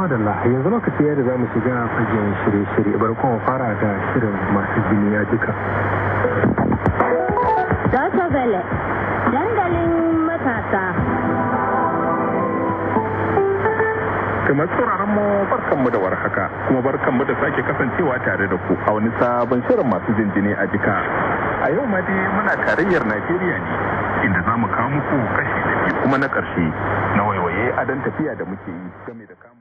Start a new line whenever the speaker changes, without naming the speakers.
kama da la yanzu lokaci ya za mu shiga fagen shirye-shirye bar kuma fara da shirin masu jini ya jika.
Dasa Bele, dandalin matasa.
kamar tsoron mu barkanmu da
warhaka kuma barkanmu da sake kasancewa tare da ku a wani sabon shirin masu jinjini a jika a yau ma dai muna tarayyar Najeriya ne inda za mu kawo muku kashi da kuma na ƙarshe na waiwaye adon tafiya da muke yi game da kama